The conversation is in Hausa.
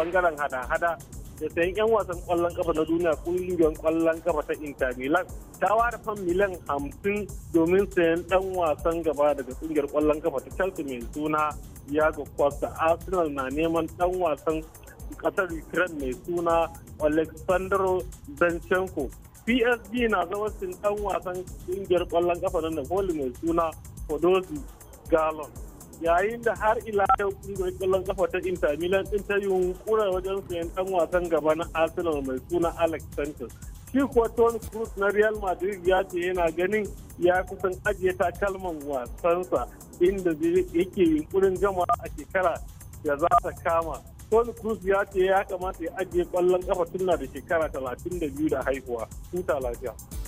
bangaren hada-hada da sayan 'yan wasan kwallon kafa na duniya kungiyar kwallon kafa ta inter milan ta ware fan miliyan hamsin domin sayan dan wasan gaba daga kungiyar kwallon kafa ta chelsea mai suna yago costa arsenal na neman dan wasan kasar ukraine mai suna alexander zanchenko psg na zama zawarcin dan wasan kungiyar kwallon kafa na napoli mai suna podosi galon yayin da har ila yau kungiyar kwallon kafa ta Inter Milan din ta yi yunkura wajen sayan dan wasan gaba na Arsenal mai suna Alex Sanchez. Shi kuwa tony cruz na Real Madrid ya ce yana ganin ya kusan ajiye takalman wasansa inda yake yunkurin gama a shekara da za ta kama. tony cruz ya ce ya kamata ya ajiye kwallon kafa tun na da shekara 32 da haihuwa. Huta lafiya.